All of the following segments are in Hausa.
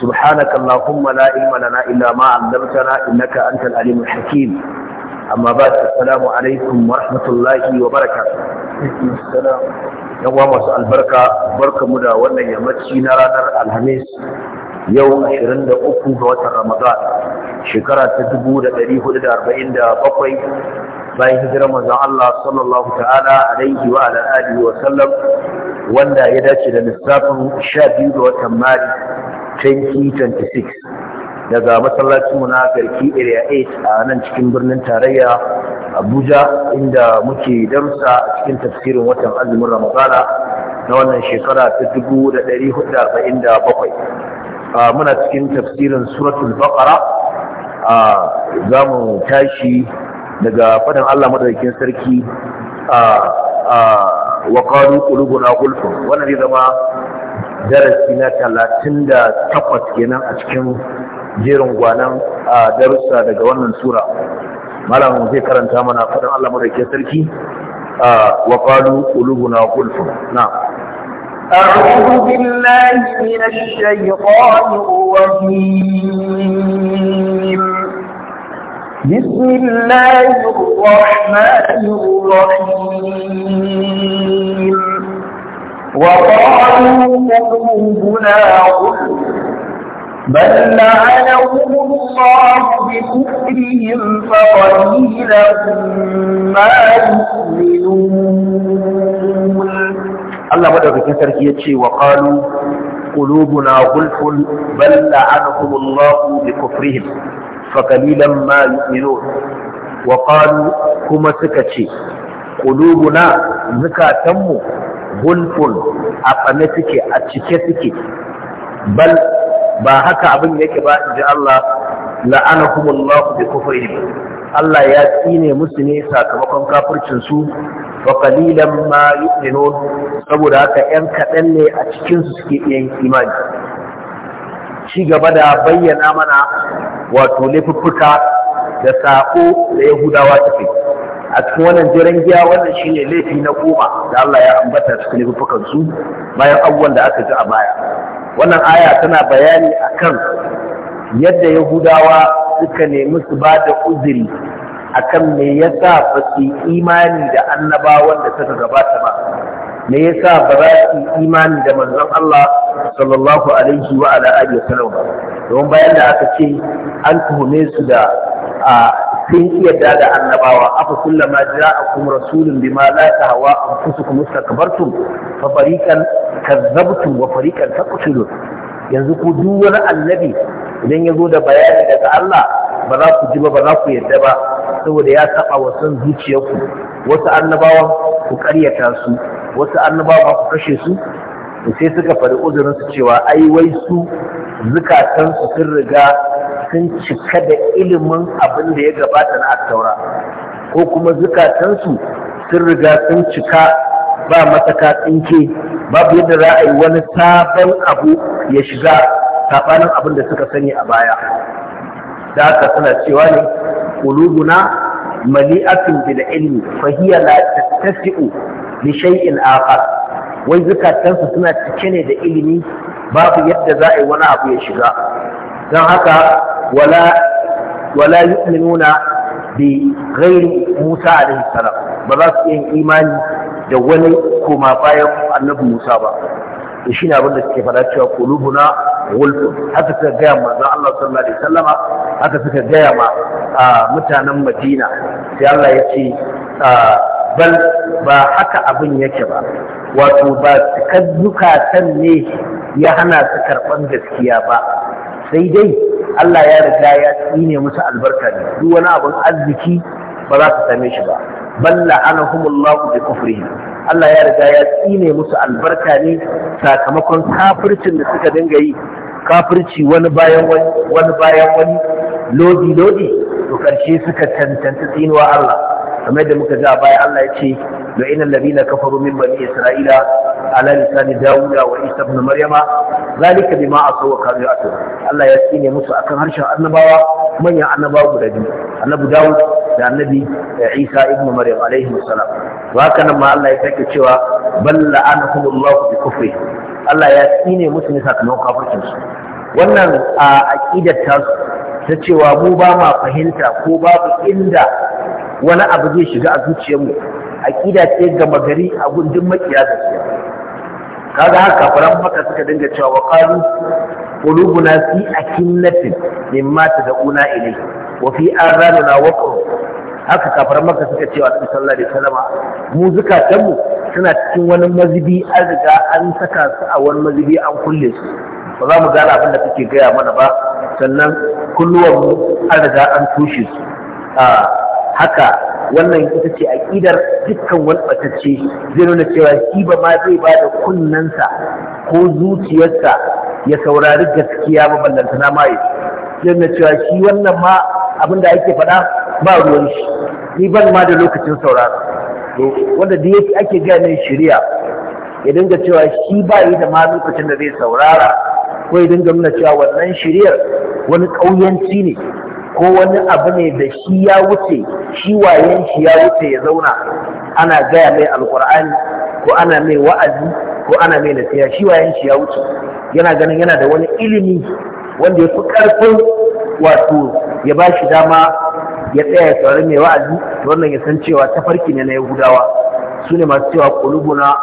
سبحانك اللهم لا علم لنا الا ما علمتنا انك انت العليم الحكيم اما بعد السلام عليكم ورحمه الله وبركاته السلام yan uwa masu albarka barkamu da wannan yammaci na ranar alhamis yau 23 ga watan ramadan shekara ta 1447 bayan hijirar manzon Allah sallallahu ta'ala alaihi wa ala wa sallam wanda ya dace da lissafin 12 ga watan mari 2026 daga matsalacin muna garki area 8 a nan cikin birnin tarayya abuja inda muke damsa a cikin tafsirin watan azumin ramadana na wannan shekara ta 1447 muna cikin tafsirin suratul baqara za mu tashi daga faɗin allah madaukakin sarki a wa na qulubuna wannan zai zama darasi na talatin da takwas kenan a cikin jerin gwanan a darussa daga wannan sura malam zai karanta mana faɗin Allah madaukakin sarki Waƙalu qalu na qulfun na'am أعوذ بالله من الشيطان الرجيم بسم الله الرحمن الرحيم وقالوا قلوبنا غلف بل لعنهم الله بكفرهم فقليلا ما يؤمنون الله مدوكين سركي يتشي وقالوا قلوبنا غلف بل لعنهم الله بكفرهم فقليلا ما يؤمنون وقالوا كما سكتشي قلوبنا زكاتمو gulfun a tsane suke a cike suke bal ba haka abin yake ba in ji Allah la'anahumullahu bi kufrihim Allah ya tsine musu ne sakamakon kafircin su wa qalilan ma yu'minun saboda haka ƴan kaɗan ne a cikinsu su suke yin imani ci gaba da bayyana mana wato laifuffuka da saƙo da Yahudawa suke a cikin wannan jiran giya wannan shine laifi na goma da Allah ya ambata cikin laifukan su bayan abubuwan da aka ji a baya wannan aya tana bayani akan yadda yahudawa suka nemi su ba da uzuri akan me yasa ba su imani da annabawan da suka gabata ba me yasa ba za su imani da manzon Allah sallallahu alaihi wa ala alihi wasallam ba don bayan da aka ce an tuhume su da sun iya da annabawa afa kullama ja'akum rasulun bima la tahwa anfusukum istakbartum fa fariqan kazzabtum wa fariqan taqtulun yanzu ku duk wani annabi idan ya zo da bayani daga Allah ba za ku ji ba ba za ku yadda ba saboda ya saba wa son zuciyarku wasu annabawa ku karyata su wasu annabawa ku kashe su sai suka faɗi uzurin su cewa ai wai su zukatansu sun riga sun cika da ilimin abin da ya gabata na attaura ko kuma zukatansu sun riga sun cika ba mataka tsinke babu yadda za a yi wani sabon abu ya shiga sabanin abin da suka sani a baya da haka suna cewa ne ƙulubuna mali'atun bil ilmi ilimi, hiya la tattasi'u li shay'in akhar wai zukatansu suna cike ne da ilimi babu yadda za a yi wani abu ya shiga don haka wala wala yu'minuna bi ghairi Musa alaihi salam ba za su yin imani da wani koma bayan annabi Musa ba to shine abin da suke fara cewa qulubuna wulfun haka suka gaya manzo Allah sallallahu alaihi wasallama haka suka gaya ma mutanen Madina sai Allah ya ce bal ba haka abin yake ba wato ba cikar zukatan ne ya hana su karɓan gaskiya ba sai dai Allah ya riga ya tsine musu albarka ne duk wani abin arziki ba za ta same shi ba balla humullahu bi kufrihim Allah ya riga ya tsine musu albarka ne sakamakon kafircin da suka dinga yi kafirci wani bayan wani wani bayan wani lodi lodi to karshe suka tantance tsinuwa Allah kamar da muka ja a baya Allah ya ce da inal ladina kafaru min bani isra'ila ala lisani dawuda wa isa ibn maryama zalika bima asaw wa ya ya'tun Allah ya tsine musu akan harshen annabawa manyan annabawa guda biyu annabi dawud da annabi isa ibn maryam alaihi salam wa haka nan ma Allah ya sake cewa bal la'anakumullahu bi kufri Allah ya tsine musu ne sakamakon kafircin su wannan a aqidar ta ta cewa mu ba ma fahimta ko babu inda wani abu zai shiga a zuciyarmu kida ce gama gari a gundun makiya gaskiya kaga haka faran maka suka dinga cewa wa qalu qulubuna fi akinnatin mimma tad'una ilayhi wa fi arranina waqru haka kafaran maka suka cewa sallallahu alaihi wasallam mu mu suna cikin wani mazibi an riga an saka su a wani mazibi an kulle su ba za mu gane abin da kake gaya mana ba sannan kulluwan mu an riga an tushe su ah, haka wannan ita ce aƙidar dukkan wani ɓatacce zai nuna cewa shi ba ma zai ba da kunnensa ko zuciyarsa ya saurari gaskiya maballantana ma ya zai nuna cewa shi wannan ma abin da ake faɗa ba ruwan shi ni ban ma da lokacin sauraro wanda da yake ake gane shirya ya dinga cewa shi ba yi da ma lokacin da zai saurara ko ya dinga nuna cewa wannan shiryar wani ƙauyanci ne ko wani abu ne da shi ya wuce shi wayen shi ya wuce ya zauna ana gaya mai alkur'ani ko ana mai wa'azi ko ana mai nasiha shi wayen shi ya wuce yana ganin yana da wani ilimi wanda ya fi karfin wato ya ba shi dama ya tsaya ya saurari mai wa'azi to wannan ya san cewa tafarki ne na yahudawa su ne masu cewa kulubuna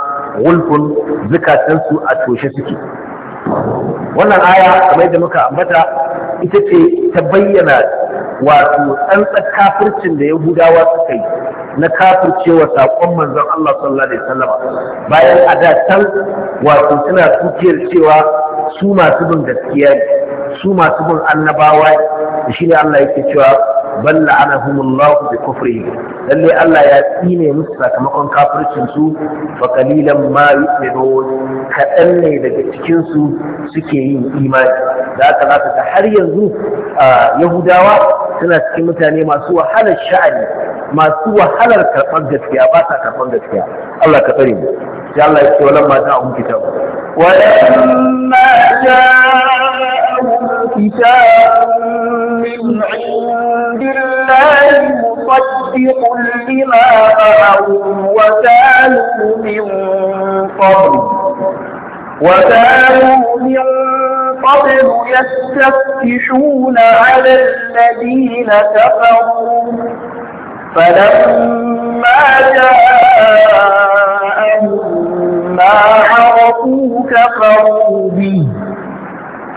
wulfun zukatansu a toshe suke wannan aya kamar yadda muka ambata ita ce ta bayyana wato tsantsa kafircin da yahudawa suka yi na kafircewa saƙon manzon Allah sallallahu alaihi wasallam bayan a da can wato suna tukiyar cewa su masu bin gaskiya su masu bin annabawa da shi ne Allah yake cewa bal la'anahumullahu bi kufrihim lalle Allah ya tsine musu sakamakon kafircin su fa qalilan ma yu'minun kadan ne daga cikin su suke yin imani da haka za har yanzu yahudawa suna cikin mutane masu wahalar sha'ani masu wahalar karɓar gaskiya ba sa karɓar gaskiya Allah ka tsare mu sai Allah ya ce wa lamma ta hum kitab wa lamma ja'ahum kitab min indillahi musaddiqun lima ma'ahum wa kanu min qabl wa kanu min قبل يستفتشون على الذين كفروا فلما جاءهم ما عرفوا كفروا به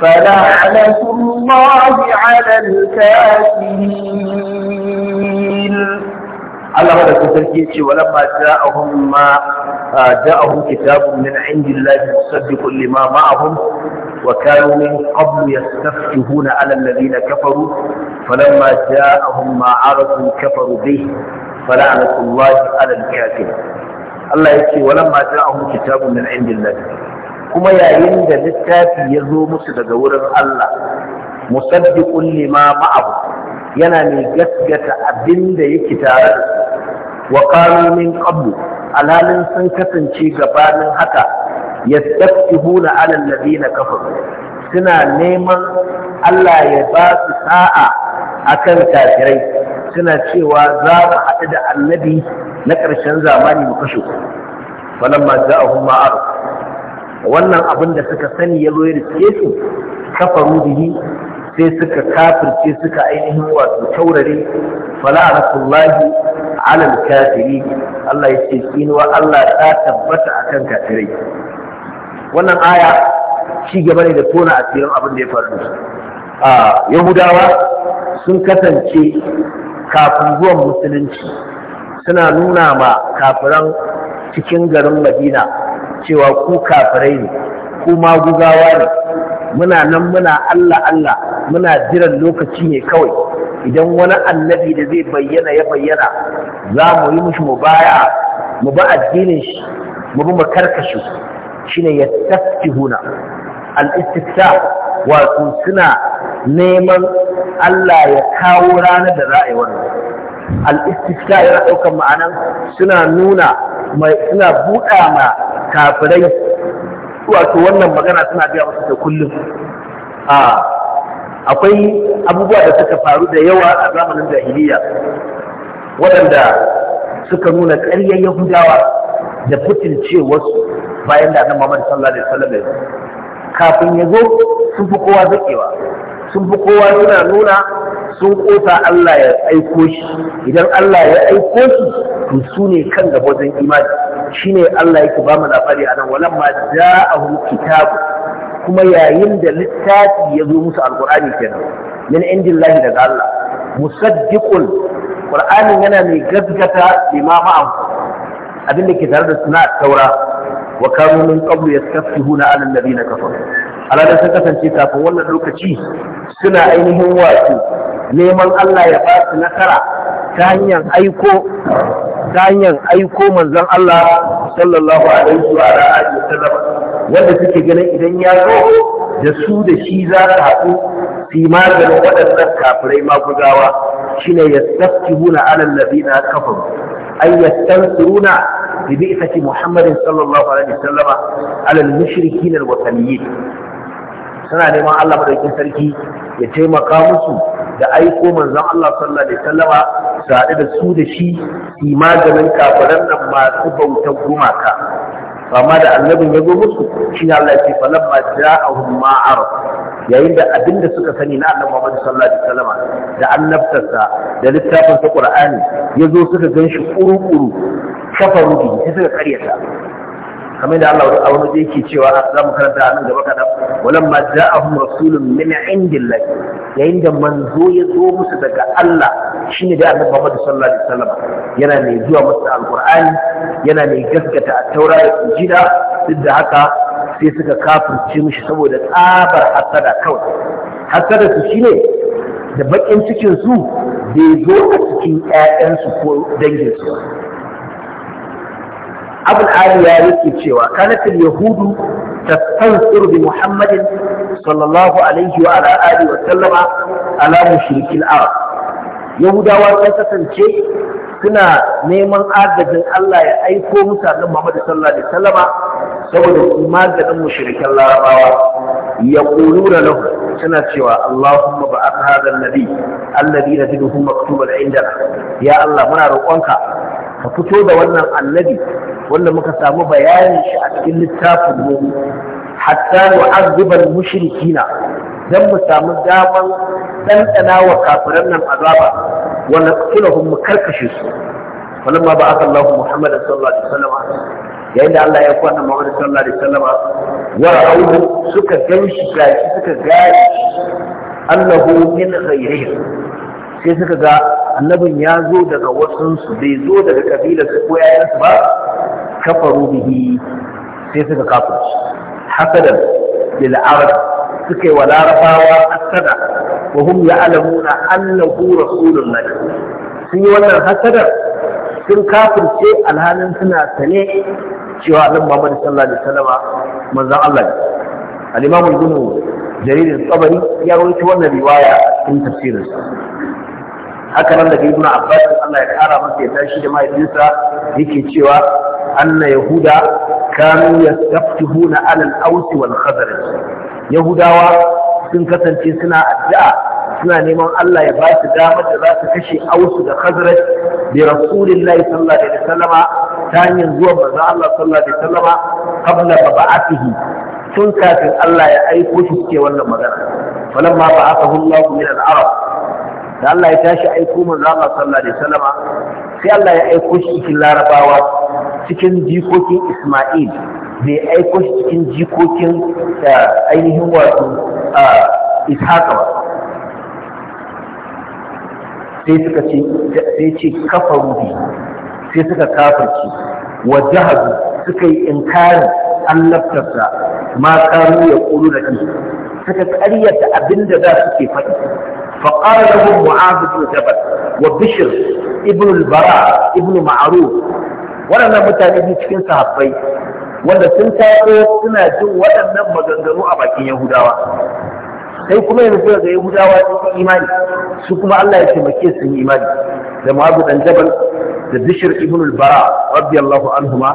فلعنة الله على الكافرين الله هذا تركي ولما جاءهم ما آه، جاءهم كتاب من عند الله مصدق لما معهم وكانوا من قبل يستفتحون على الذين كفروا فلما جاءهم ما عرفوا كفروا به فلعنة الله على الكافرين الله يقول ولما جاءهم كتاب من عند الله كما يعين ذا للتافي يزو مسد دور الله مصدق لما معه yana mai gasgata abinda da yake tare da su wa qalu min qablu alhalin sun kasance gabanin haka yastaftihuna ala alladhina kafaru suna neman Allah ya ba su sa'a akan kafirai suna cewa za mu haɗu da annabi na ƙarshen zamani mu kashe ku falamma ja'ahum ma'aruf wannan abin da suka sani ya zo ya rike su kafaru bihi sai suka kafirce suka ainihin wato taurare fala'anatullahi alal kafiri Allah ya ce kinuwa Allah ta tabbata akan kafirai wannan aya ci gaba ne da tona asirin abin da ya faru da a yahudawa sun kasance kafin zuwan musulunci suna nuna ma kafiran cikin garin madina cewa ku kafirai ne ku magugawa ne muna nan muna allah allah muna jiran lokaci ne kawai idan wani annabi da zai bayyana ya bayyana za mu yi mushi mu baya mu ba addinin shi mu bi mu karkashe shine ya tafti huna al'istifta wato suna neman Allah ya kawo ranar da za a yi wannan al'istifta yana ɗaukar ma'anan suna nuna mai suna buɗa ma kafirai wato wannan magana suna biya musu da kullum akwai abubuwa da suka faru da yawa a zamanin jahiliya waɗanda suka nuna ƙaryar yahudawa da fitin cewarsu, bayan da annabi Muhammad sallallahu alaihi wasallam kafin ya zo sun fi kowa zaƙewa sun fi kowa suna nuna sun ƙota Allah ya aiko shi idan Allah ya aiko shi to su ne kan gaba wajen imani shine Allah yake ba mu labari a nan walamma ja'ahum kitab kuma yayin da littafi ya zo musu alqur'ani kenan min indillahi daga Allah musaddiqun qur'anin yana mai gaskata limama abin da ke tare da suna taura wa kanu min qablu yastafihuna 'ala alladhina kafaru alada sun kasance kafin wannan lokaci suna ainihin wato neman Allah ya ba su nasara ta hanyar aiko ta hanyar aiko manzon Allah sallallahu alaihi wa alihi wasallam wanda suke ganin idan ya zo da su da shi za su haɗu fi maganin waɗannan kafirai maguzawa shine yastafihuna 'ala alladhina kafaru أن يستنصرون ببئفة محمد صلى الله عليه وسلم على المشركين الوثنيين suna neman Allah madaukin sarki ya taimaka musu da aiko manzon Allah sallallahu alaihi wasallama su haɗu da su da shi maganin kafiran nan masu bautar gumaka Fama da annabin ya zo musu shi ne Allah ya ce falamma a ma araf yayin da abinda suka sani na annabi Muhammad sallallahu alaihi wasallam da annabtarsa da littafin sa Qur'ani ya zo suka ganshi kuru-kuru kafaru bi sai suka karyata kamar da Allah a wani da ke cewa za mu karanta a nan gaba kaɗan walan ma ja'ahum rasulun min indillahi yayin da manzo ya zo musu daga Allah shine da Annabi Muhammad sallallahu alaihi wasallam yana mai zuwa musu alqur'ani yana mai gaskata a taura da injila duk da haka sai suka kafirce mishi saboda tsabar hasada kawai hasada su shine da bakin cikin su bai zo a cikin ƴaƴansu ko danginsu ba abul ali ya yake cewa kanatul yahudu tastansir bi muhammadin sallallahu alaihi wa ala alihi wa sallama ala mushrikil arab yahudawa sun kasance suna neman agajin Allah ya aiko musu annabi Muhammad sallallahu alaihi wasallama saboda su maganin mushrikan larabawa ya kulura lahu suna cewa Allahumma ba aka ba'ath hadha alladhi alladhi najiduhu maktuban indana ya Allah muna roƙonka ka fito da wannan annabi wanda muka samu bayanin shi a cikin littafin mu hatta nu'azziban mushrikina dan mu samu daman dandana wa kafiran nan azaba wa naqtuluhum mu karkashe su falamma ba'atha Allah Muhammad sallallahu alaihi wasallam yayin da Allah ya ku annabi Muhammad sallallahu alaihi wasallam wa ra'uhu suka ganshi gashi suka gani annahu min ghayrihim sai suka ga annabin ya zo daga wasansu bai zo daga kabilarsu ko yayansu ba kafaru bihi sai suka kafirci haka da bil arab suka yi wa larabawa asada wa hum ya'lamuna annahu rasulullah sun yi wannan hasada sun kafirce alhalin suna sane cewa annabi Muhammad sallallahu alaihi wasallama manzon Allah ne al-imam ibn jarir al-tabari ya rawaito wannan riwaya a cikin tafsirinsa haka nan daga ibnu abbas Allah ya kara masa ya tashi da mahaifinsa yake cewa anna yahuda kanu yastaftihuna ala al-aus wal khazraj yahudawa sun kasance suna addu'a suna neman Allah ya ba su damar da za su kashe ausu da khazraj bi rasulillahi sallallahu alaihi wasallama ta hanyar zuwan manzon Allah sallallahu alaihi wasallama qabla mab'athihi tun kafin Allah ya aiko shi ke wannan magana falamma ba'athahu Allah min al-arab da Allah ya tashi aiko manzo Allah sallallahu alaihi wasallam sai Allah ya aiko shi cikin Larabawa cikin jikokin Isma'il bai aiko shi cikin jikokin eh, ainihin wato eh, Ishaqa ba sai suka ce sai ce kafaru bi sai suka kafirci wa jahazu suka yi inkarin annabtarsa ma kanu ya kulu da suka ƙaryata abinda za su ke faɗi فقال له معاذ بن جبل وبشر ابن البراء ابن معروف waɗannan mutane biyu cikin sahabbai wanda sun taso suna jin waɗannan maganganu a bakin yahudawa sai kuma yanzu ga yahudawa sun imani su kuma Allah ya taimake su imani da Mu'adh dan Jabal da Bishr ibn al-Bara radiyallahu anhuma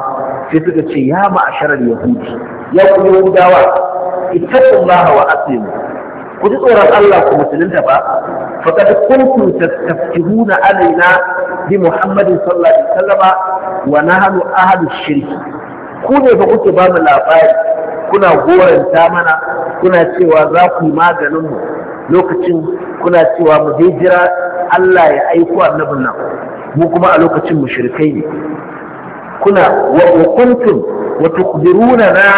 sai suka ce ya ma'ashar yahudi ya ku yahudawa ittaqullaha wa aslimu ku ji tsoron Allah ku musulunta ba faqad kuntum tastafihuna alaina bi Muhammadin sallallahu alaihi wasallama wa nahnu ahlu shirk ku ne fa kuke ba mu labari kuna goranta mana kuna cewa za ku yi maganin mu lokacin kuna cewa mu dai jira Allah ya aiko annabin nan mu kuma a lokacin mushrikai ne kuna wa kuntum wa tukhbiruna na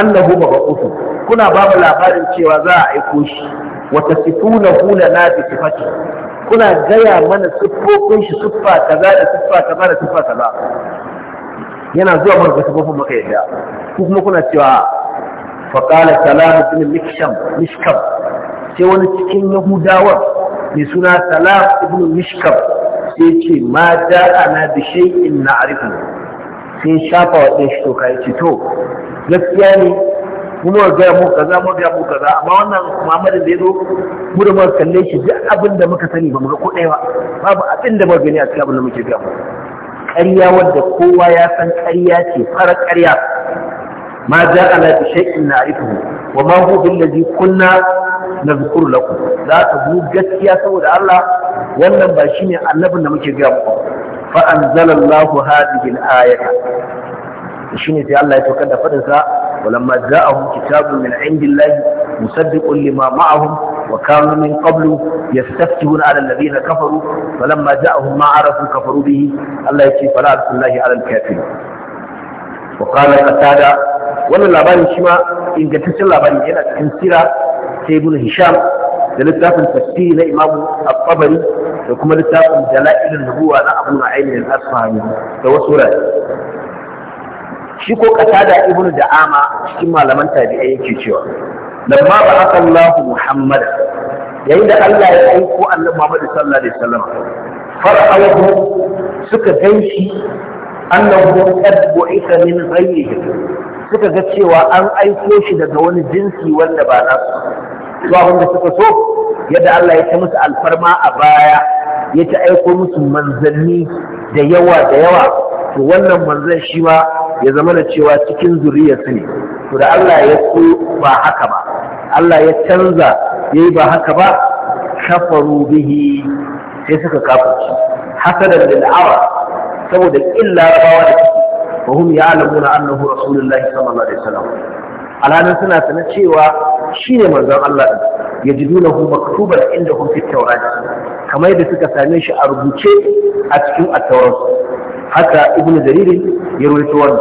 annahu mabqutun kuna ba labarin cewa za a aiko shi wata sifuna hula na bi sifati kuna gaya mana sifofin shi siffa kaza da siffa kaza da siffa kaza yana zuwa mana ga sifofin maka yadda ku kuma kuna cewa faqala salam ibn miksham mishkam sai wani cikin yahudawa mai suna salam ibn mishkam sai ce ma da'ana bi shay'in na'rifu sai shafa wa ɗin shi to kai ce to gaskiya ne Kuma muka gaya mu kaza mu ga mu kaza amma wannan Muhammadu da ya zo mu da muka kalle shi duk abin da muka sani ba mu ga ko ɗaya ba babu abin da muka gani a cikin abin da muke gaya mu ƙarya wadda kowa ya san ƙarya ce farar ƙarya ma ja ala bi shay'in na'rifuhu wa ma huwa billazi kunna nazkuru lakum za ta bu gaskiya saboda Allah wannan ba shine annabin da muke gaya mu. fa anzalallahu hadhihi al-ayata shine sai Allah ya saukar da fadin sa ولما جاءهم كتاب من عند الله مصدق لما معهم وكانوا من قبل يستفتحون على الذين كفروا فلما جاءهم ما عرفوا كفروا به الله يكفي فلا الله على الكافرين وقال قتادة wannan labarin shi ma ingantaccen labarin yana cikin sira ta ibn hisham da littafin tafsiri na imam al da kuma littafin dala'ilin nubuwa na abu na ainihin asfahani da wasu wurare shi ko Ibnu ibnu Ama cikin malaman tabi'ai yake cewa lamma ba'atha Allahu Muhammad yayin da Allah ya aiko Annabi Muhammad sallallahu alaihi wasallam fara'ahu suka ganshi annahu qad bu'itha min ghayrihi suka ga cewa an aiko shi daga wani jinsi wanda ba na. Su abin suka so yadda Allah ya ta musu alfarma a baya ya ta aiko musu manzanni da yawa da yawa to wannan manzon shi ma ya zama da cewa cikin zuriyarsa ne to da Allah ya so ba haka ba Allah ya canza yayi ba haka ba kafaru bihi sai suka kafirci hasadan lil arab saboda illa rabawa da suke wa hum ya'lamuna annahu rasulullahi sallallahu alaihi wasallam alanan suna sana cewa shine manzon Allah din yajidunahu maktuban indahum fit tawrat kamar da suka same shi a rubuce a cikin at haka ibnu jariri ya rawaito wannan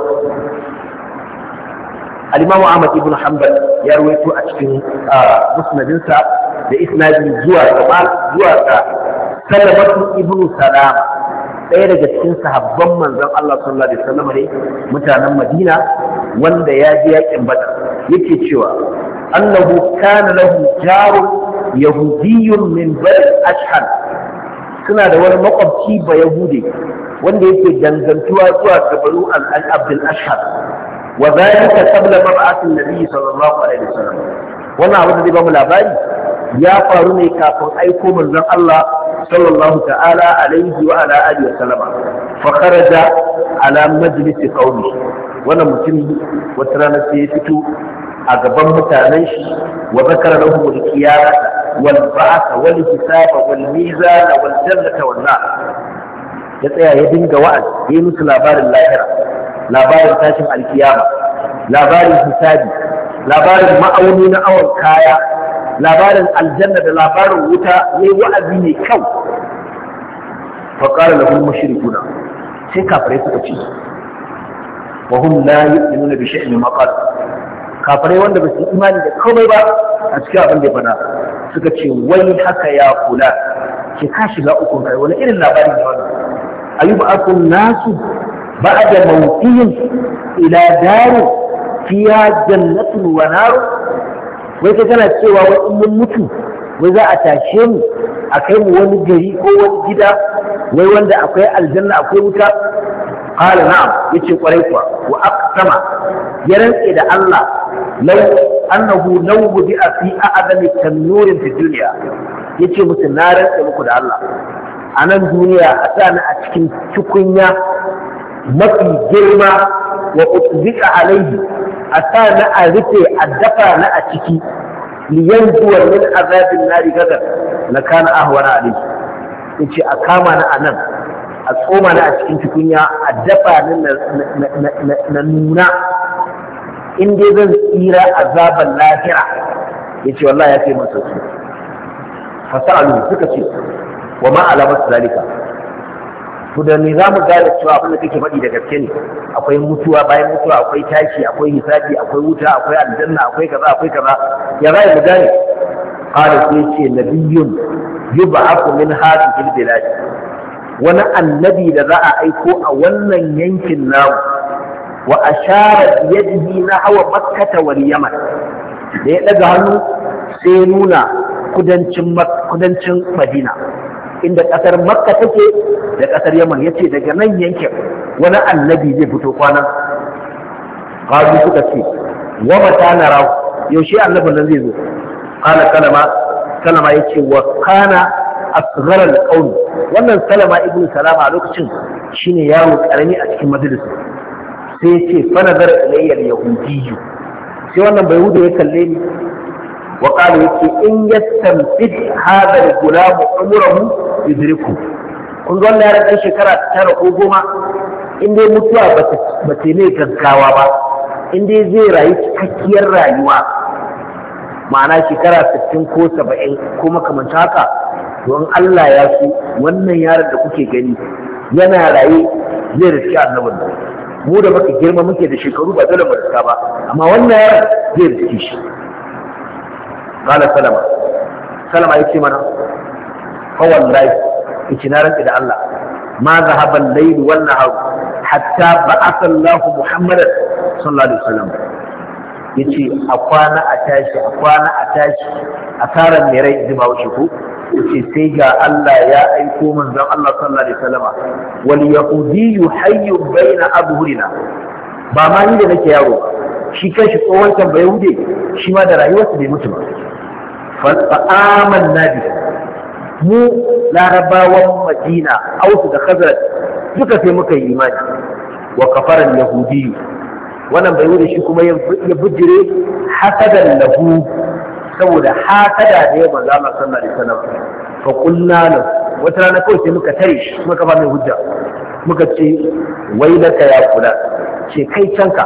al ahmad ibn hanbal ya rawaito a cikin musnadinsa da isnadi zuwa ga zuwa ga salamatu ibnu salama ɗaya daga cikin sahabban manzon Allah sallallahu alaihi wasallam ne mutanen Madina wanda ya ji yakin Badar yake cewa annahu kana lahu jarun yahudiyyun min Bani Ashhad suna da wani makwabci ba yahude wanda yake dangantuwa zuwa ga banu al-abdul ashhad wa zalika qabla mab'athin nabiy sallallahu alaihi wasallam wannan abu da zai bamu labari ya faru ne kafin aiko manzon Allah sallallahu ta'ala alaihi wa ala alihi wa sallama fa kharaja ala majlis qaumi wannan mutum wata rana sai ya fito a gaban mutanen shi wa zakara lahum al-qiyamah والبعث والحساب والميزان والجنة والنار ya tsaya ya dinga wa'az ya musu labarin lahira labarin tashin alkiyama labarin hisabi labarin ma'auni na awon kaya labarin aljanna da labarin wuta ya wa'azi ne kyau faƙarar lahun mashirikuna sai kafirai ce kafirai wanda ba su imani da komai ba a cikin abin da fada suka ce wai haka ya kula ke ka shiga ukun kai wani irin labari ne wannan ayyubu akun nasu da mawtiyin ila daru fiya jannatun wa naru wai ka kana cewa wai in mun mutu wai za a tashe mu a kai mu wani gari ko wani gida wai wanda akwai aljanna akwai wuta qala na'am yace kwarai kuwa wa sama ya rantse da Allah lai annahu lau budi a fi a'adami tannurin fi duniya yace musu na rantse muku da Allah a nan duniya a sani a cikin tukunya mafi girma wa utzika alaihi a sani a rufe a dafa na a ciki liyan zuwa min azabin nari gadar na kana ahwara alaihi yace a kama na a nan a tsoma na a cikin tukunya a dafa na nuna in dai zan tsira azaban lahira ya ce wallahi ya ce masa su fasa'alu suka ce wa ma alamar zalika to da ne za mu gane cewa abin da kake faɗi da gaske ne akwai mutuwa bayan mutuwa akwai tashi akwai hisabi akwai wuta akwai aljanna akwai kaza akwai kaza ya za mu gane qala sai ce nabiyyun yub'athu min hadhihi al-bilad wani annabi da za a aiko a wannan yankin namu wa ashara yadihi na hawa makkata wal yaman da ya daga hannu sai nuna kudancin madina inda kasar makka take da kasar yaman yace daga nan yankin wani annabi zai fito kwana qalu suka ce wa mata nara yaushe annabin nan zai zo kana kalama kalama yace wa kana asghar al-qawl wannan salama ibn salama a lokacin shine yawo karami a cikin majalisa sai ya ce fa nazar ilayya al sai wannan bai hudu ya kalle ni wa qala yake in yastamfid hadha al-gulam umruhu yudriku kun ga wannan yaron shekara tara ko goma in dai mutuwa ba ta ne gaggawa ba in dai zai rayu cikakkiyar rayuwa ma'ana shekara 60 ko 70 ko makamancin haka don Allah ya so wannan yaron da kuke gani yana raye zai riski annabin nan mu da muka girma muke da shekaru ba dole mu riska ba amma wannan yaron zai riski shi qala salama salama yace mana fa wallahi yace na rantsi da Allah ma zahaba al-layl wan nahar hatta ba'atha Allah Muhammadan sallallahu alaihi wasallam yace a kwana a tashi a kwana a tashi a karan mai rai ji ba wuce ko yace sai ga Allah ya aiko manzon Allah sallallahu alaihi wasallama wal yahudi yuhayyu baina abhurina ba ma ni da nake yaro shi kanshi tsohon can bai hude shi ma da rayuwarsa bai mutu ba fa amanna bi mu larabawan madina ausu da khazraj duka sai muka yi imani wa kafaran yahudi wannan bai hude shi kuma ya bujire hasadan lahu saboda hasada da ya manzo Allah sallallahu alaihi wasallam fa qulna la wata rana kawai sai muka tare shi muka ba mai hujja muka ce wai wailaka ya kula ce kai canka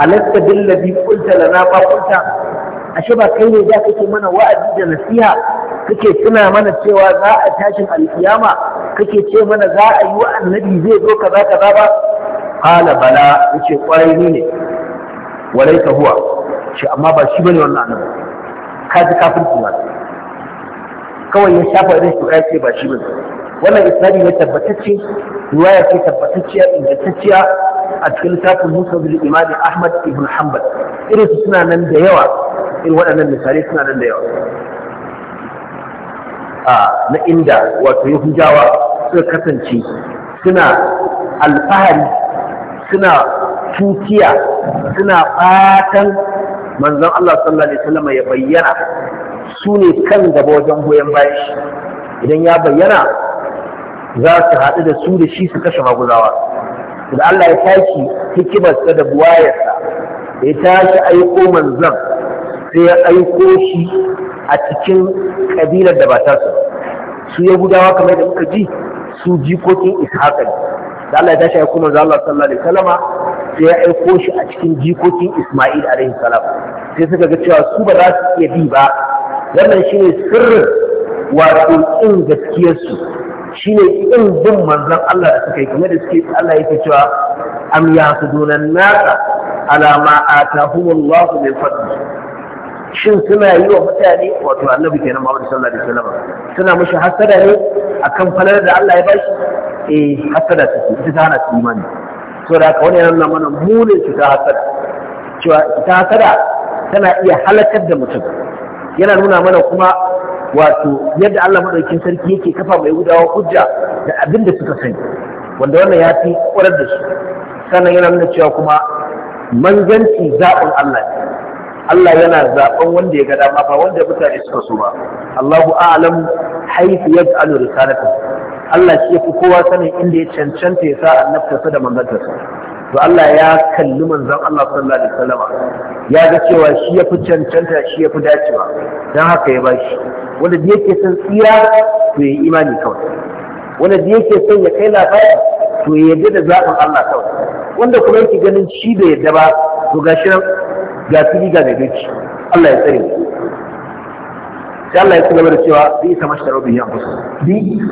alasta billabi qulta lana ba qulta ashe ba kai ne da kake mana wa'azi da nasiha kake tuna mana cewa za a tashin alkiyama kake ce mana za a yi wa annabi zai zo kaza kaza ba qala bala yace kwarai ne ne walai huwa shi amma ba shi bane wannan annabi ka ji kafirci kawai ya shafa irin shi ya ce ba shi ba. wannan isnadi ne tabbatacce riwaya ce tabbatacciya ingantacciya a cikin littafin Musa bin Imam Ahmad ibn Hanbal irin su suna nan da yawa irin waɗannan misali suna nan da yawa na inda wato Yahudawa suka kasance suna alfahari suna tutiya suna fatan manzon Allah sallallahu alaihi wasallam ya bayyana su ne kan gaba wajen goyon bayan shi idan ya bayyana za su haɗu da su da shi su kashe maguzawa da Allah ya tashi hikimarsa da buwayarsa ya tashi aiko manzon sai ya aiko shi a cikin kabilar da ba ta su su gudawa kamar da muka ji su jikokin ishaqa ne da Allah ya tashi ya kuma manzo Allah sallallahu alaihi wasallama sai ya aiko shi a cikin jikokin Isma'il alaihi salam sai suka ga cewa su ba za su iya bi ba wannan shine sirrin wato in gaskiyar su shine in bin manzon Allah da suka yi kamar da suke Allah yake cewa am ya su yasudunan nasa ala ma atahumullahu min fadli shin suna yi wa mutane wato annabi kenan Muhammad sallallahu alaihi wasallam suna mishi hasada ne akan falar da Allah ya bashi eh hasada take ita ta hana su imani to da haka wani nuna mana munin ta hasada cewa ta hasada tana iya halakar da mutum yana nuna mana kuma wato yadda Allah madaukakin sarki yake kafa mai gudawa hujja da abin da suka sani wanda wannan ya fi kwarar da su sannan yana nuna cewa kuma manzanci zaɓin Allah ne Allah yana zaɓan wanda ya ga dama ba wanda mutane suka so ba Allahu a'lam haythu yaj'alu risalatahu Allah shi yafi kowa sanin inda ya cancanta ya sa annabtarsa da manzantarsa to Allah ya kalli manzon Allah sallallahu alaihi wasallam ya ga cewa shi yafi cancanta shi yafi dacewa dan haka ya bashi wanda da yake son tsira to ya imani kawai wanda da yake son ya kai labari to ya yarda da zaɓin Allah kawai wanda kuma yake ganin shi da yarda ba to gashi nan ga fili ga gaci Allah ya tsare mu يلا يا سلام عليكم بئس ما اشتروا به انفسهم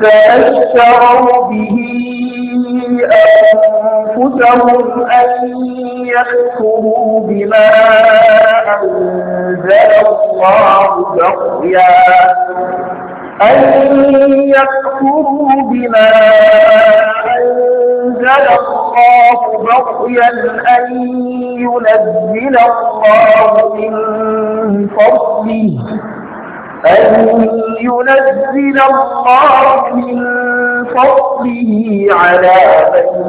بئس اشتروا به انفسهم ان يكفروا بما انزل الله بغيا ان يكفروا بما انزل الله بغيا ان ينزل الله من فضله أن ينزل الله من فضله على من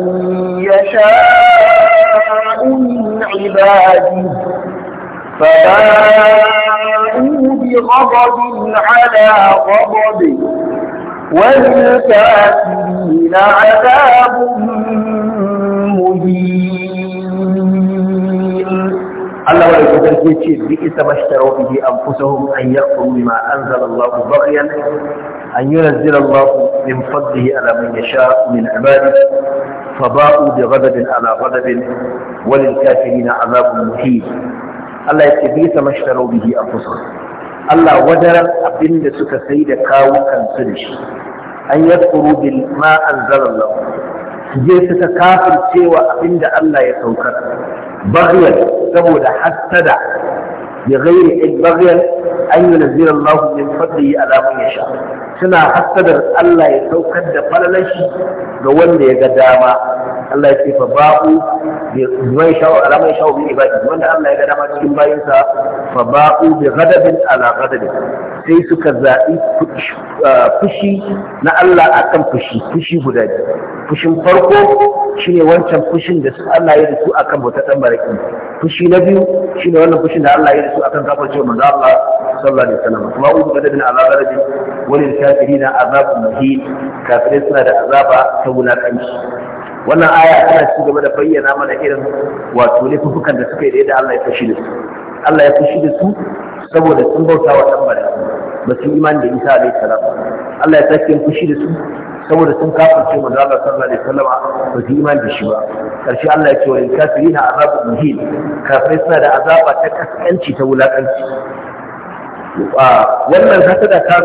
يشاء من عباده فباءوا بغضب على غضب وللكافرين عذاب مهين Allah wa da sarki ce bi isa bashtaru bihi anfusahum an yakfuru bima anzala Allah baghyan an yunzila Allah min fadlihi ala man yasha min ibadihi faba'u bi ghadabin ala ghadabin walil kafirin azabun muhim Allah ya ce bi isa bashtaru bihi anfusahum Allah wadaran abinda suka sai da kawukan su da shi an yakfuru bil ma anzala Allah je suka kafircewa abinda Allah ya saukar bagiyar saboda hassada بغير إن بغيا أن ينزل الله من فضله على من يشاء سنا حسدر الله يتوكد فللش قول لي قداما الله يكفى باقو بما يشاء على ما يشاء من وأن الله يقدام تكون باينسا فباقو بغضب على غضب sai suka zaɓi fushi na Allah akan fushi fushi guda biyu fushin farko shine wancan fushin da su Allah ya da akan bauta dan baraki fushi na biyu shine wannan fushin da Allah ya da su akan cewa manzo Allah sallallahu alaihi wasallam kuma ubu da bin azab rabbi wal kafirina azabun muhin kafirai suna da azaba ta wulakanci wannan aya tana ci gaba da bayyana mana irin wato laifukan da suka yi da Allah ya fushi da su Allah ya fushi da su saboda sun bauta wa tambarin. ba su iman da Isa alaihi salam Allah ya sake yin fushi da su saboda sun kafirce manzo Allah sallallahu alaihi wasallam ba su iman da shi ba karshe Allah ya ce wa in kafirina azabun muhin kafirai suna da azaba ta kaskanci ta wulakanci wannan hasada ta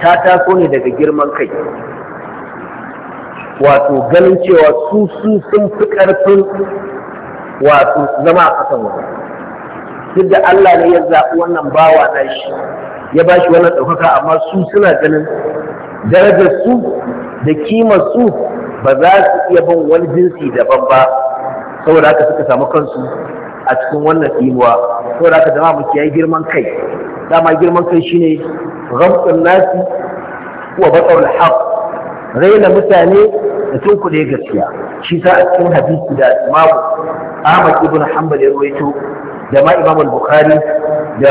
ta taso ne daga girman kai wato ganin cewa su su sun fi karfin wato zama a kasan wani duk da Allah ne ya zaɓi wannan bawa na shi ya ba shi wannan ɗaukaka amma su suna ganin darajar su da kimar su ba za su iya bin wani jinsi daban ba saboda haka suka samu kansu a cikin wannan imuwa saboda haka jama'a muke yayi girman kai dama girman kai shine ghamsun nasi wa batarul haqq raina mutane da tunkuɗe gaskiya shi sa a cikin hadisi da imamu Ahmad ibn Hanbal ya rawaito da ma Imam al-Bukhari da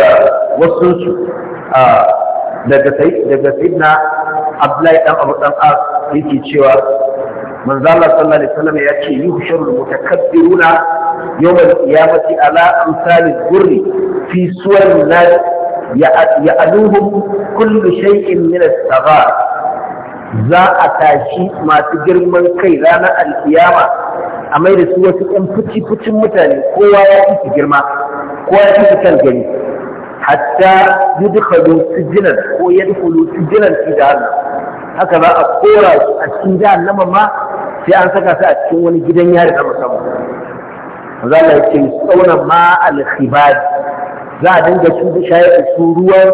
wasu daga daga Abdullahi dan Abu dan a yake cewa manzo Allah sallallahu alaihi wasallam ya ce yuhsharul mutakabbiruna yawmal qiyamati ala amsalid burri fi suwarin nar ya'aluhum kullu shay'in min as-saghar za a tashi masu girman kai ranar alkiyama a mai da su wasu ɗan fuci-fucin mutane kowa ya fi girma kowa ya fi kan gani hatta yudkhalu sijnan ko yadkhulu sijnan fi jahannam haka za a kora su a cikin jahannama ma sai an saka su a cikin wani gidan yari na musamman za a ce tsauna ma al za a dinga su shayar su ruwan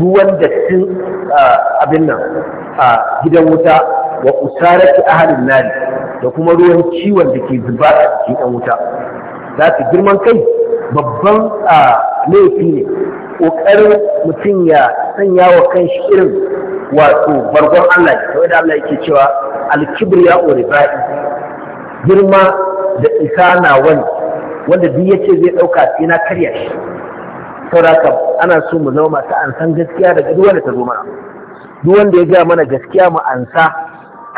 ruwan dattin abin nan a gidan wuta wa usarati ahalin nari da kuma ruwan ciwon da ke zuba a cikin wuta za girman kai babban laifi ne ƙoƙarin mutum ya sanya wa shi irin wato bargon Allah kawai da Allah yake cewa alkibriya uribai girma da isa na wani wanda duk ce zai ɗauka sai na karya shi sauraka ana so mu zama masu ansan gaskiya daga duk wanda ta zo mana duk wanda ya gaya mana gaskiya mu ansa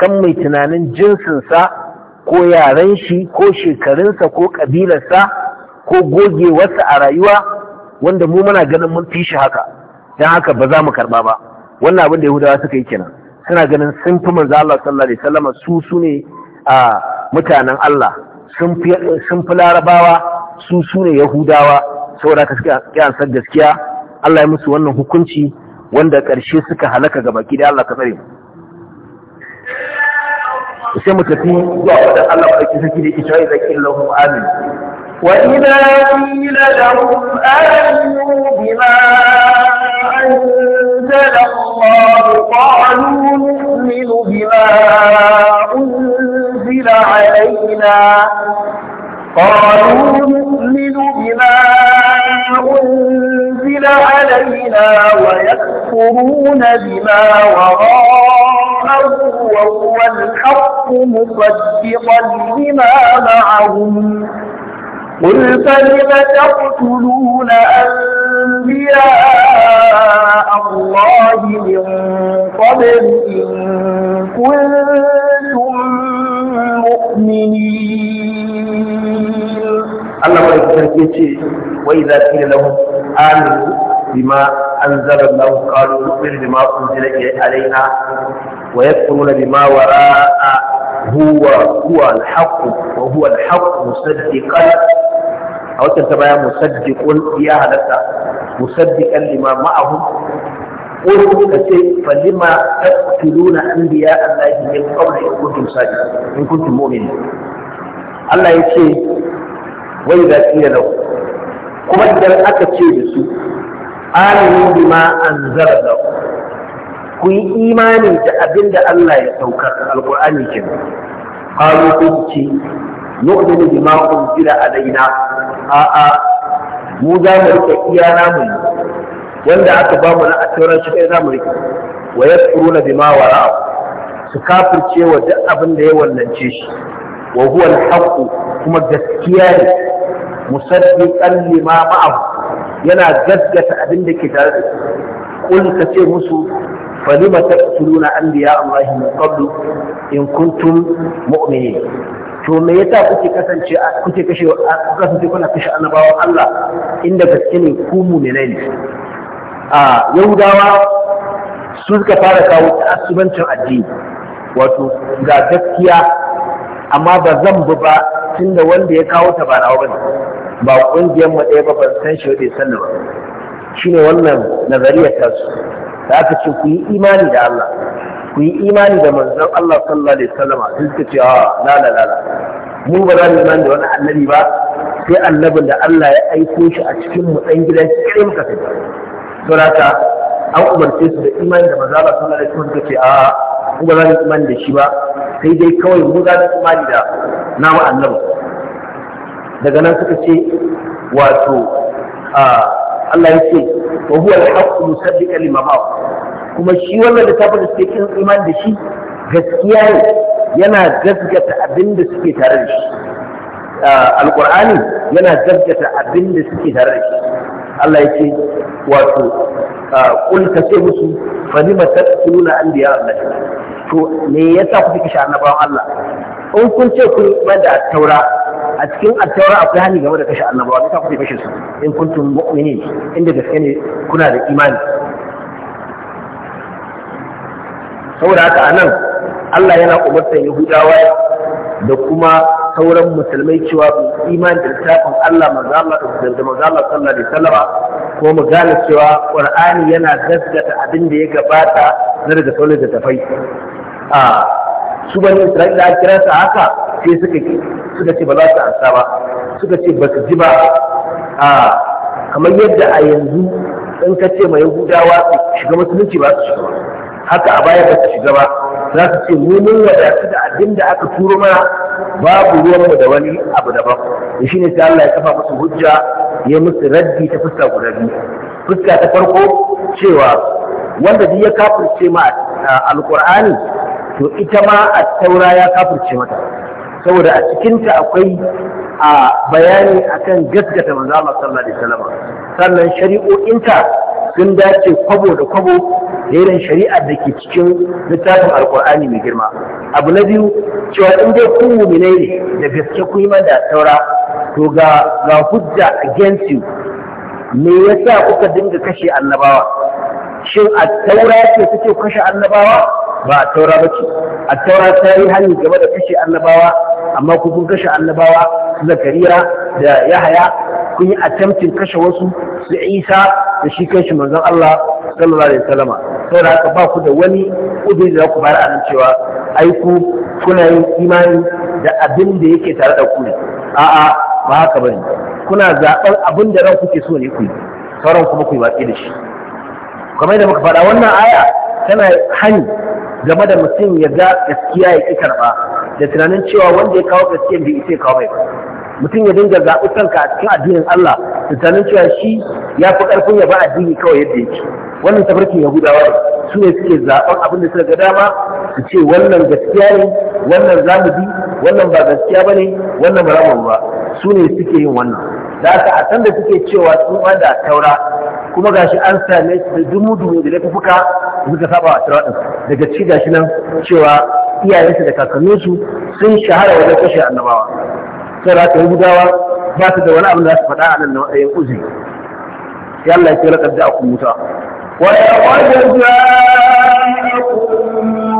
kan mai tunanin jinsinsa ko yaren shi ko shekarunsa ko ƙabilarsa ko gogewarsa a rayuwa wanda mu muna ganin mun fi shi haka dan haka ba za mu karba ba wannan abin da yahudawa suka yi kenan suna ganin sun fi manzo Allah sallallahu alaihi wasallam su su ne a mutanen Allah sun fi sun fi larabawa su su ne yahudawa saboda haka suka kiyansa gaskiya Allah ya musu wannan hukunci wanda ƙarshe suka halaka gaba ki da Allah ka tsare mu sai mu tafi zuwa wadda Allah ɗauki saki da ita ya zaki lahu, amin وإذا قيل لهم آمنوا بما أنزل الله قالوا نؤمن بما أنزل علينا قالوا نؤمن بما أنزل علينا ويكفرون بما وراءه وهو الحق مصدقا لما معهم قل فلم تقتلون أنبياء الله من قبل إن كنتم مؤمنين الله يقول وإذا قيل لهم آمنوا بما أنزل الله قالوا نؤمن بما أنزل علينا ويكفرون بما وراءه هو الحق وهو الحق مصدقا أو تنتبه مصدق يا هلسة مصدقا لما معهم قل كتير فلما تقتلون أنبياء الله من قبل إن كنتم صادقين إن كنتم مؤمنين Allah ya ce wai za su yi rau kuma idan aka ce da su aminu bima anzalna ku yi imani da abin Allah ya saukar alqur'ani kin qalu kunti nu'minu bima unzila alaina a a mu za mu rike iya namu wanda aka ba mu na atauran shi kai za mu rike wa yasquruna bima wara su kafirce wa duk abin da ya wallance shi wa huwa kuma gaskiya ne musaddiqan lima ma'ahu yana gaskata abin da ke tare da kul ka ce musu falima taqtuluna anbiya Allah min qablu in kuntum mu'minin to me yasa kuke kasance kuke kashe kuna kashe annabawan Allah inda gaske ne ku mu'minai ne a yahudawa su suka fara kawo ta'assubancin addini wato ga gaskiya amma ba zan bi ba tunda wanda ya kawo ta ba nawa bane ba kungiyar mu ɗaya ba ban san shi bai san ba ne wannan nazariyar tasu da aka ce ku yi imani da Allah ku yi imani da manzon Allah sallallahu alaihi wasallam sun suka ce ah, a la la la mu ba za mu imani da wani annabi ba sai annabin da Allah ya aiko shi a cikin mu dan gidan shi kare muka tafi saboda an umarce su da imani da manzon Allah sallallahu alaihi wasallam suka ce a ah, mu ba za mu imani da shi ba sai dai kawai mu za mu imani da namu annabi daga nan suka ce wato Allah ya ce wa huwa al-haqqu musaddiqan lima ma'a kuma shi wannan littafin da suke kin imani da shi gaskiya ne yana gaskata abin da suke tare da shi alqur'ani yana gaskata abin da suke tare da shi Allah ya ce wato kul ka ce musu falima taqtuluna anbiya Allah to me yasa kuke kashe annabawan Allah in kun ce kun bada da taura a cikin attaura akwai hali game da kashe annabawa yasa kuke kashe su in kuntum mu'minin inda gaske ne kuna da imani saboda haka anan Allah yana umartar Yahudawa da kuma sauran musulmai cewa su imani da littafin Allah da manzala sallallahu alaihi wasallama ko mu gane cewa Qur'ani yana gaskata abin da ya gabata na daga sauran tafai a su bani Isra'ila kira su haka sai suka suka ce ba za su ansa ba suka ce ba su ji ba a kamar yadda a yanzu in ka ce mai Yahudawa su shiga musulunci ba su shiga ba haka a baya ba su shiga ba za su ce mu mun wadatu da abin da aka turo mana babu ruwanmu da wani abu daban da shi ne sai Allah ya kafa musu hujja ya musu raddi ta fuska guda biyu fuska ta farko cewa wanda duk ya kafirce ma alqur'ani to ita ma a taura ya kafirce mata saboda a cikinta akwai a bayani akan gaskata manzo Allah sallallahu alaihi wasallam sannan shari'o'inta sun dace kwabo da kwabo da irin shari'ar da ke cikin littafin alkur'ani mai girma abu na biyu cewa in dai kun mumine ne da gaske kun yi da saura to ga hujja against you me yasa kuka dinga kashe annabawa shin a taura ce suke kashe annabawa ba a taura ba ce a taura ta yi hani game da kashe annabawa amma ku kun kashe annabawa zakariya da yahaya kun yi attempting kashe wasu su isa da shi kanshi manzon Allah sallallahu alaihi wasallama saboda haka ba ku da wani uzuri da ku bayar anan cewa ai ku kuna yin imani da abin da yake tare da ku ne a'a ba haka bane kuna zaben abin da ranku ke so ne ku sauran kuma ku yi watsi da shi kamar da muka faɗa wannan aya tana hani game da mutum ya ga gaskiya ya ƙi karɓa da tunanin cewa wanda ya kawo gaskiya bai ita ya kawo mai ba mutum ya dinga zaɓi kanka a cikin addinin Allah da tunanin cewa shi ya fi ƙarfin ya ba addini kawai yadda yake wannan tafarkin yahudawa su ne suke zaɓen abin da suka ga dama su ce wannan gaskiya ne wannan zamu bi wannan ba gaskiya ba ne wannan ba ramu ba su ne suke yin wannan za ka a san da suke cewa sun wanda taura kuma gashi an same su da dumu-dumu da laifuka da suka saba a taura daga ci gashi nan cewa iyayensu da kakanninsu sun shahara wajen kashe annabawa sai da aka yahudawa ba su da wani abin da za su faɗa a nan na matsayin uzi Yalla ya ce laƙar da aku musa wa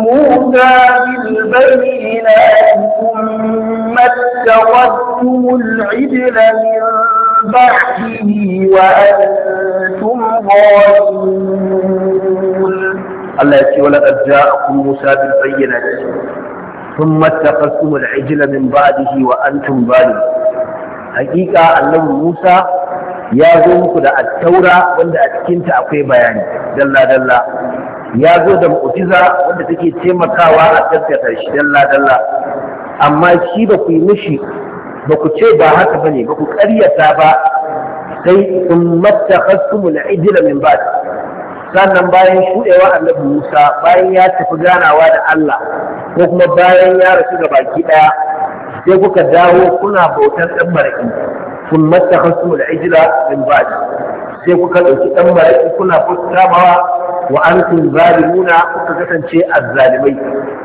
موسى بالبينات ثم اتخذتم العجل من بعده وأنتم ظالمون الله يسير ولقد جاءكم موسى بالبينات ثم اتخذتم العجل من بعده وأنتم ظالمون حقيقة أنه موسى يا zo muku التوراة ولا أتكلم a يعني دلا دلا ya zo da mu'jiza wanda take taimakawa a tattata shi dalla dalla amma shi ba ku yi mishi ba ku ce ba haka bane ba ku ƙaryata ba sai in mattakhasumul ijla min ba'd sannan bayan shuɗewa annabi Musa bayan ya tafi ganawa da Allah ko kuma bayan ya rasu ga baki ɗaya sai kuka dawo kuna bautar ɗan maraki kun mattakhasumul ijla min ba'd sai kuka ɗauki ɗan maraƙi kuna fuskamawa wa an zalimuna kuka kasance azzalimai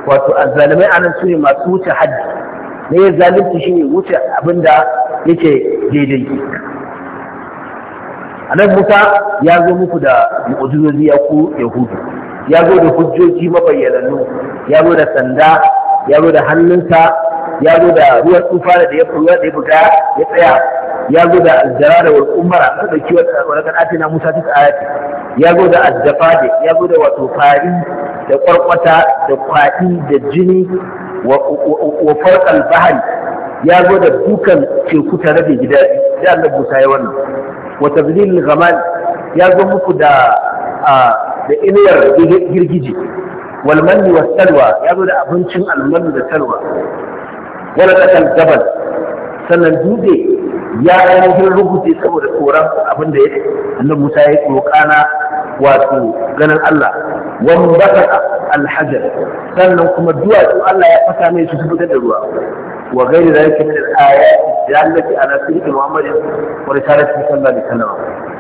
wato azzalimai anan su ne masu wuce haddi ne zalunci shi ne wuce abin da yake daidai anan musa ya zo muku da mu'ujizozi ya ku yahudu ya zo da hujjoji mabayyanannu ya zo da sanda ya zo da hannunsa ya zo da ruwan tsufa da ya buga ya tsaya ya zo da aljarada wal umara ka dauki walakan atina musa ta ayati ya zo da addafade ya zo da wato fari da kwarkwata da kwaɗi da jini wa farkal bahari ya zo da dukan teku ta rabe gida da Allah Musa ya wannan wa tazlil ghamal ya zo muku da da inuwar girgije wal manni was salwa ya zo da abincin almanni da salwa wala takal jabal sannan dutse ya ainihin rubuce saboda tsoron abin da ya annabi Musa ya roƙa na wato ganin Allah wan basaka alhajar sannan kuma duwatsu Allah ya fasa mai su fitar da ruwa wa gairi aya min al-ayati dallati ala sirri Muhammadin wa risalati sallallahu alaihi wasallam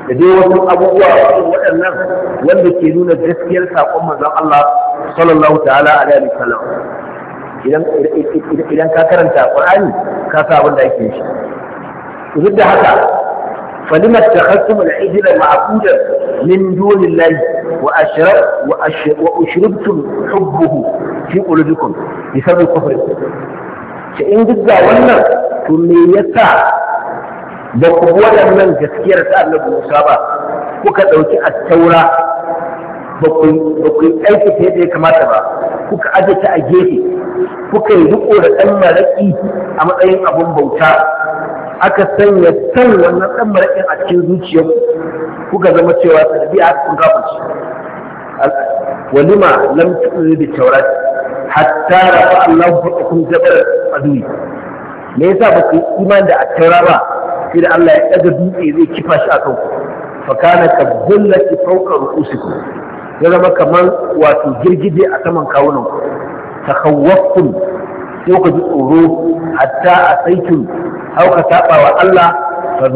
da dai wasu abubuwa waɗannan wanda ke nuna gaskiyar saƙon manzon Allah sallallahu ta'ala alaihi wasallam idan idan ka karanta Qur'ani ka sa abin da yake shi duk da haka falima takhasum al-ijl ma'budan min dunillahi wa ashrab wa wa ushribtum hubbuhu fi qulubikum bi sabab kufri Ta in duk wannan to me yasa ba ku waɗannan gaskiyar ta Allah Musa ba kuka ɗauki at-taura ba ku yi aiki ta yadda ya kamata ba kuka aje ta a gefe kuka yi riko da ɗan malaki a matsayin abun bauta aka sanya san wannan ɗan maraƙin a cikin zuciyar kuka zama cewa tabi'a kun gafarci walima lam tu'minu bi tawrat hatta rafa Allahu faqakum jabar adui me yasa ba ku iman da taura ba sai da Allah ya ɗaga dutse zai kifa shi a kan ku fa kana ka ki fawqa ru'usikum ya zama kamar wato girgije a saman kawunan ku takhawwaftum sai ka ji tsoro hatta a saikin hau ka taɓa wa Allah fa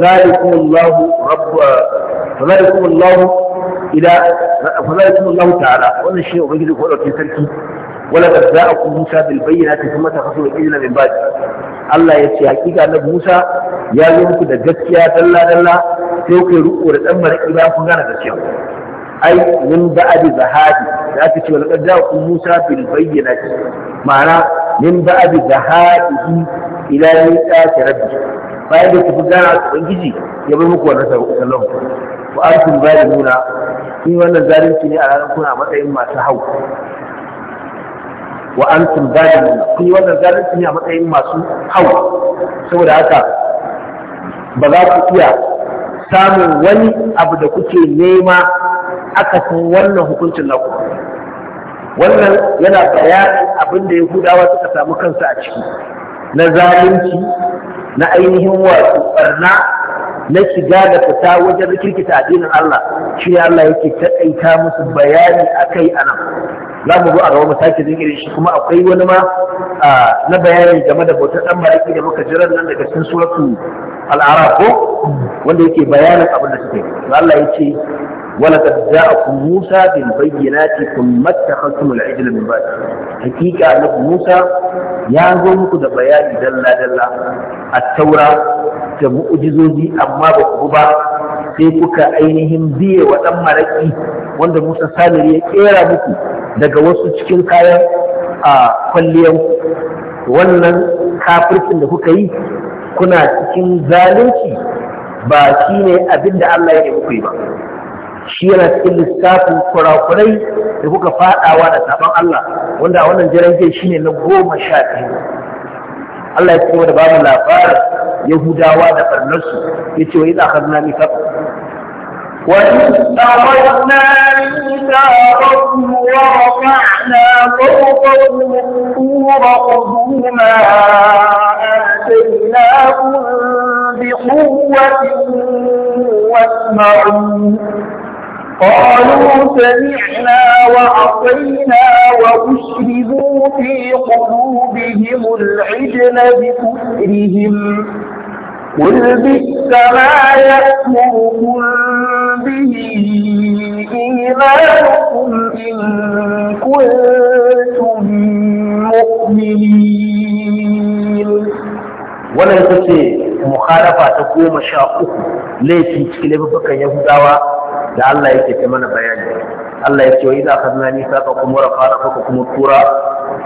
ta'ala wannan shi ubangiji ko dauke sarki wala qad ja'akum Musa bil bayyinati thumma takhassu illa min ba'd Allah ya ce hakika na Musa ya zo muku da gaskiya dalla dalla sai kai ruku da dan maraki ba ku gane gaskiya ai min ba'di zahadi da aka ce da ku Musa bil bayyinati ma'ana min ba'di zahadi ila miqati rabbi bayan da kuka gana ubangiji ya bar muku wannan sallahu wa arsul zalimuna in wannan zalunci ne a ranar kuna matsayin masu hau wa antum zalimuna kun yi wannan zalunci ne a matsayin masu hau saboda haka ba za ku iya samun wani abu da kuke nema akasin wannan hukuncin na wannan yana bayanin abin da yahudawa suka samu kansa a ciki na zalunci na ainihin wasu barna na shiga da fita wajen rikirkita addinin Allah shi Allah yake taƙaita musu bayani akai anan za mu zo a gaba mu sake zikiri shi kuma akwai wani ma na bayani game da bautar ɗan baraki da muka jiran nan daga cikin suratu al-araf ko wanda yake bayanin abin da suke Allah yake ولقد جاءكم موسى بالبينات ثم اتخذتم العجل من بعد حقيقة أن موسى يا زومك ده بيان دلا دلا التوراة كمؤجزوزي أما بقبا سيكوك أينهم بيه وأما ركي wanda Musa Samiri ya kera muku daga wasu cikin kayan a kwalliyan wannan kafircin da kuka yi kuna cikin zalunci ba shi ne abin da Allah ya yi muku ba shi yana cikin lissafin kurakurai da kuka fadawa da saban Allah wanda a wannan jirage shi ne na goma sha biyu Allah ya ce da babu labarin Yahudawa da ɓarnarsu ya ce wa iza hazna mi kafa وإذ أخذنا ميثاقكم ورفعنا فوقكم الطور خذوا ما آتيناكم بقوة واسمعوا قالوا سمعنا وعصينا وأشربوا في قلوبهم العجل بكفرهم قل بئس ما يأمركم به إيمانكم إن كنتم مؤمنين wannan ita مخالفة تقوم ta ليس sha uku laifin cikin da Allah yake ta mana bayani Allah ya ce wa idza akhadna mithaqakum wa rafa'nakum tura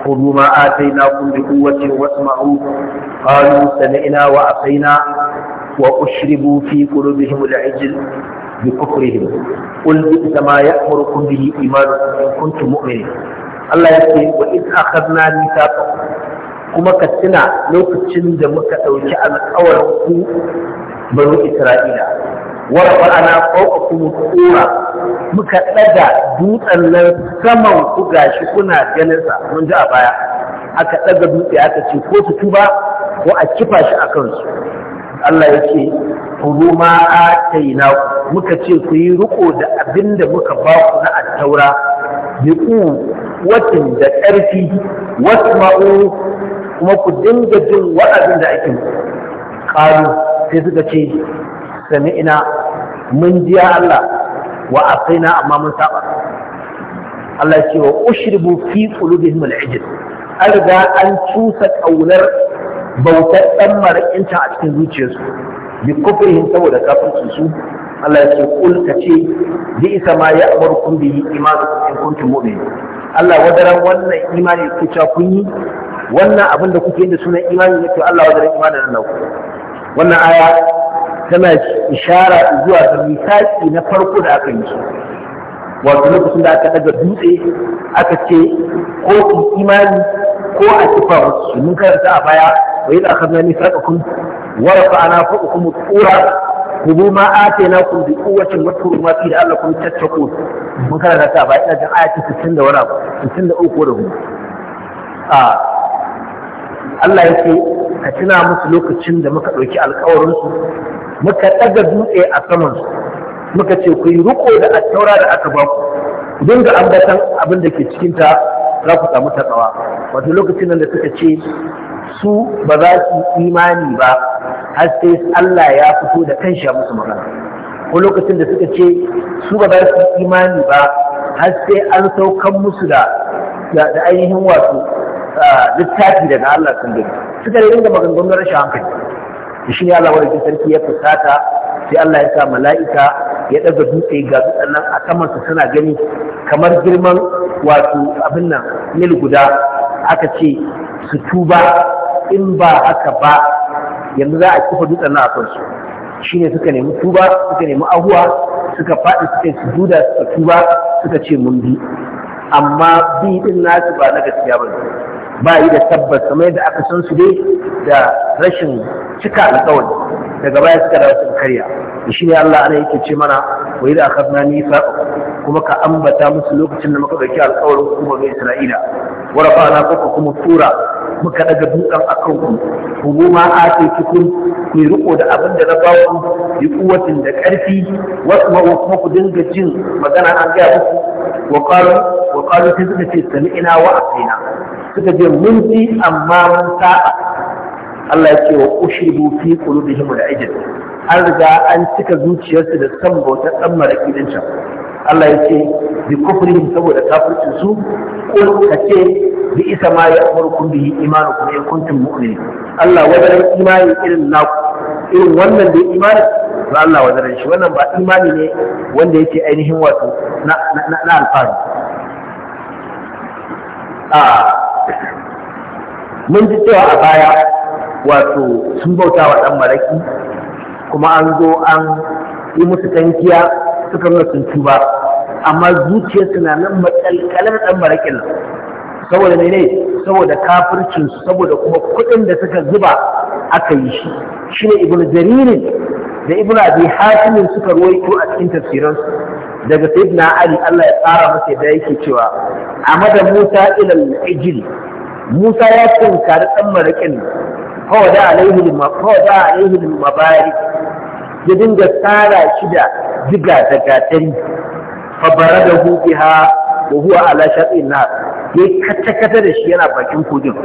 khudhu ma atainakum bi quwwatin wasma'u qalu sami'na wa atayna wa ushribu fi qulubihim al-ijl bi kufrihim qul bi'sa ma ya'murukum bihi imanukum in kuntum mu'minin Allah ya ce wa idza akhadna mithaqakum kuma ka tuna lokacin da muka ɗauki alƙawarin ku banu Isra'ila warfa'ana ku tura muka ɗaga dutsen nan saman ku gashi kuna ganinsa, mun ji a baya aka ɗaga dutse aka ce ko su tuba ko a kifa shi a kansu Allah yake kulu ma ataina muka ce ku yi riko da abinda muka ba ku na attaura bi ku watin da ƙarfi wasma'u kuma ku dinga jin wa'azin da ake Ƙaru sai suka ce sami'na mun ji ya Allah wa asaina amma mun saba Allah ce wa ushribu fi qulubihim al-ijl an riga an cusa kaunar bautar dan marakinta a cikin zuciyarsu bi kufrihim saboda kafirci su Allah ya ce kul ka ce bi isa ma ya amarkum bi imanu in kuntum mu'minin Allah wadaran wannan imani ku ta kun yi wannan abin da kuke yin da sunan imani ne to Allah wadaran imanin nan ku wannan aya tana ishara zuwa ga misaki na farko da aka yi wato lokacin da aka daga dutse aka ce ko ku imani ko a kifa musu mun karanta a baya wa yi da aka zani sadakun warafa ana faɗa kuma tsura kubu ma ate na kun bi kowacin wata hurma fi da Allah kun tattako mun karanta a baya ina jin ayati 60 da wani abu 63 da hudu a ah, Allah ya ce ka tuna musu lokacin da muka ɗauki alkawarinsu muka ɗaga dutse a saman su muka ce ku yi riko da attaura da aka ba ku dinga ambatan abin da ke cikin ta za ku samu takawa wato lokacin nan da suka ce su ba za su imani ba har sai Allah ya fito da kan ya musu magana ko lokacin da suka ce su ba za su imani ba har sai an saukan musu da da ainihin wato littafi daga Allah sun gani suka da maganganun rashin hankali shi ya Allah wani sarki ya fusata sai Allah ya sa mala'ika ya daga dutse ga dutsen nan a su suna gani kamar girman wato abin nan mil guda aka ce su tuba in ba haka ba yanzu za a kifa dutsen nan a kansu shi ne suka nemi tuba suka nemi ahuwa suka faɗi suka yi sujuda suka tuba suka ce mun bi amma bi din nasu ba na gaskiya ba ne ba yi da tabbas kamar yadda aka san su dai da rashin cika alƙawari daga baya suka dawo suka karya shi ne Allah ana yake ce mana wa yi da aka zana nisa kuma ka ambata musu lokacin da muka ɗauki alƙawarin kuma mai Isra'ila wa rafa ka kuma tura muka daga dutsen a kanku ku goma a ce cikin ku riko da abin da na ba ku yi kuwatin da ƙarfi wasu kuma ku dinga jin magana an gaya muku wa qalu wa qalu sai suka ce sami'ina wa suka je mun ji amma mun sa'a Allah ya ce wa ushidu fi qulubihim al-ajr an riga an cika zuciyarsu da san bautar dan maraki din can Allah ya ce bi kufrihim saboda kafircin su ko ka ce bi isa ma ya amurkum bihi kuma in kuntum mu'minin Allah wajen imani irin naku irin wannan da imani to Allah wajen shi wannan ba imani ne wanda yake ainihin wato na na alfahari a mun ji cewa a baya wato sun bauta wa dan maraki kuma an zo an yi musu tankiya suka na sun ba amma zuciya suna nan matsalkalar ɗan marakin nan saboda ne ne saboda kafircinsu saboda kuma kuɗin da suka zuba aka yi shi shi ne ibn jaririn da ibn abi hatimin suka ruwaito a cikin tafsiransu daga sayyidina ali Allah ya tsara masa da yake cewa amada musa ila al musa ya tunkari ɗan marakin fawada alaihi ya dinga tsara shi da diga da gatari fabara da hukiha wa huwa ala shaɗin na ya yi kata-kata da shi yana bakin kogin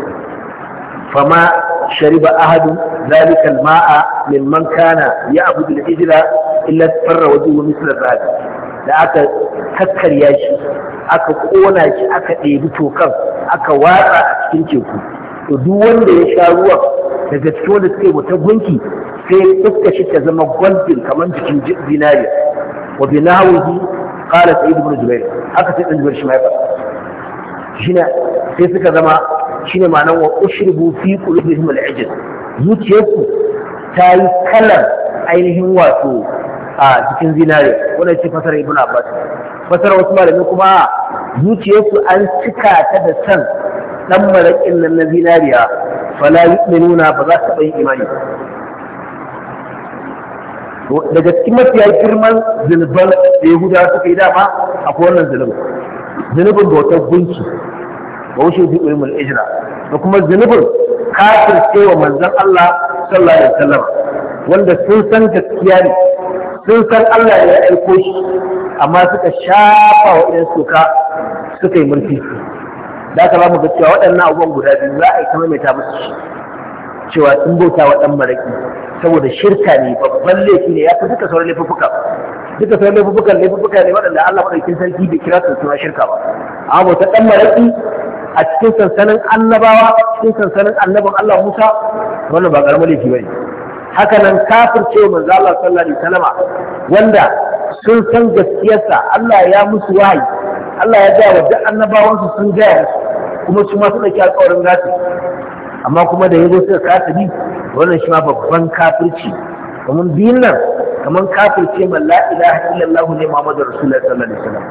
fama shariba ahadu zalika ma'a man kana ya abu da ijira illa farra waje wa misra zabi da aka kakkarya shi aka kona shi aka ɗebi tokan aka watsa a cikin teku to duk wanda ya sha ruwa daga cikin wanda suka yi wata gunki sai iska shi ta zama gwaldin kamar jikin zinariya wa bi nahwihi qala sa'id ibn jubair haka sai dan jubair shi mai fara shine sai suka zama shine ma'anar wa ushribu fi qulubihim al-ajl zuciyarsu ta yi kalar ainihin wato a cikin zinare wanda ce fasara ibn abbas fasara wasu malamai kuma zuciyarsu an cika ta da san dan maraƙin nan na zinariya fala yu'minuna ba za su taɓa imani daga cikin mafiya girman zunuban da yahuda suka yi dama akwai wannan zunubin zunubin bautar gunki ba wuce fi ulumul ijra da kuma zunubin kafin cewa manzon Allah sallallahu alaihi wasallam wanda sun san gaskiya ne sun san Allah ya aiko shi amma suka shafa wa idan suka suka yi mulki da aka zamu ga cewa waɗannan abubuwan guda biyu za a yi kama mai ta musu shi cewa sun bauta wa ɗan maraƙi saboda shirka ne babban laifi ne ya fi duka sauran laifuffuka duka sauran laifuffukan laifuffuka ne waɗanda Allah maɗaukin sarki bai kira su suna shirka ba amma bautar ɗan maraƙi a cikin sansanin annabawa cikin sansanin annabin Allah Musa wannan ba ƙaramin laifi ba ne haka nan kafirce manzo Allah sallallahu alaihi wasallama wanda sun san gaskiyarsa Allah ya musu wahayi Allah ya ga wa duk annabawansu sun gaya musu kuma su ma su ɗauki alƙawarin gasu amma kuma da ya zo suka kasa bi wannan shi ma babban kafirci Kamar biyun nan kamar kafirce ma la ilaha illallah ne muhammadu rasulullah sallallahu alaihi wasallam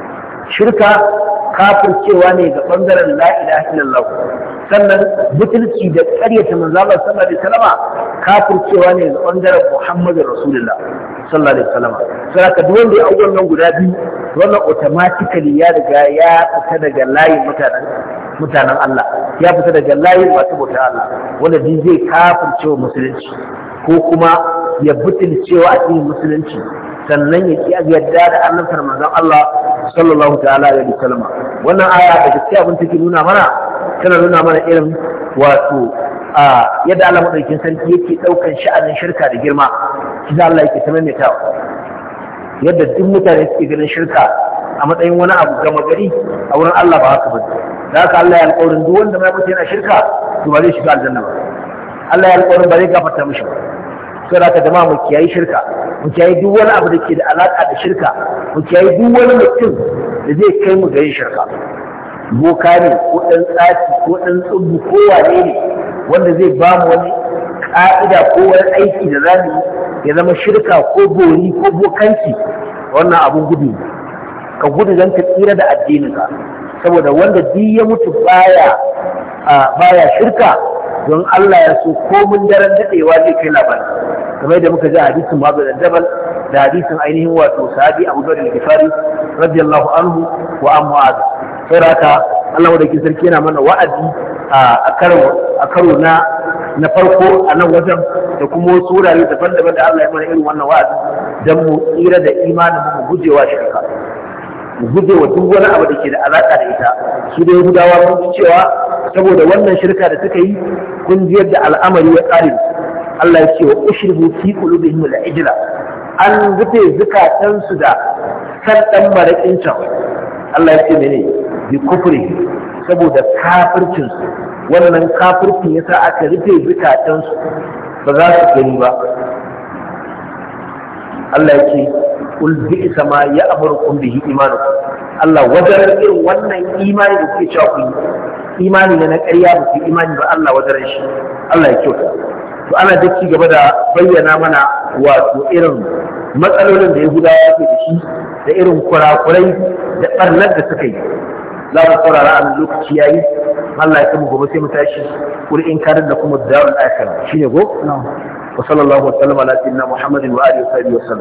shirka kafircewa ne ga bangaren la ilaha illallah sannan butulci da ƙaryata manzo Allah sallallahu alaihi wasallam kafircewa ne ga bangaren muhammadu rasulullah sallallahu alaihi wasallam saboda duk wanda ya aure nan guda biyu wannan automatically ya riga ya fita daga layin mutanen mutanen Allah ya fita daga layin masu bautar Allah wanda din zai kafin cewa musulunci ko kuma ya cewa a cikin musulunci sannan ya ki yadda da annabtar manzon Allah sallallahu ta'ala alaihi wasallam wannan aya da gaskiya abin take nuna mana tana nuna mana irin wato a yadda Allah madaukakin sarki yake daukan sha'anin shirka da girma shi Allah yake ta yadda duk mutane suke ganin shirka a matsayin wani abu gama gari a wurin Allah ba haka bane da haka Allah ya alƙawarin duk wanda ma yana shirka to ba zai shiga aljanna ba Allah ya alƙawarin ba zai gafarta mishi ba sai da ka dama mu kiyayi shirka mu kiyayi duk wani abu da ke da alaƙa da shirka mu kiyayi duk wani mutum da zai kai mu ga yin shirka boka ne ko ɗan tsafi ko ɗan tsubu ko wane ne wanda zai ba mu wani ƙa'ida ko wani aiki da za mu yi ya zama shirka ko bori ko bokanci wannan abun gudu ne ka gudu don ka tsira da addininka saboda wanda duk ya mutu baya baya shirka don Allah ya so komin daren daɗewa zai kai labarin kamar da muka ji hadisin Muhammad da Jabal da hadisin ainihin wato sahabi Abu da al-Ghifari radiyallahu anhu wa an Mu'adh saboda haka Allah ke sarki yana mana wa'azi a karo na na farko a nan wajen da kuma wasu wurare daban-daban da Allah ya mana irin wannan wa'azi don mu tsira da imanin mu gujewa shirka guje wa duk wani abu da ke da alaƙa da ita su dai gudawa sun ci cewa saboda wannan shirka da suka yi kun ji yadda al'amari ya ƙare Allah ya ce wa ushribu fi qulubihim al-ijla an rufe su da sarɗan maraƙin can Allah ya ce mene bi kufri saboda su wannan kafircin yasa aka rufe zikatansu, ba za su gani ba Allah ya ce kul bi sama ya amurkum bihi imanukum Allah wajar irin wannan imani da kuke cewa ku yi imani ne na ƙarya ba ku imani ba Allah wajar shi Allah ya kyauta to ana da ci gaba da bayyana mana wato irin matsalolin da Yahudawa yake da shi da irin kurakurai da ɓarnar da suka yi za mu saurara a lokaci yayi Allah ya kama gobe sai mu tashi kul in karin da kuma da'ul akhirah shine go wa sallallahu wa sallama ala sayyidina Muhammadin wa alihi wa sahbihi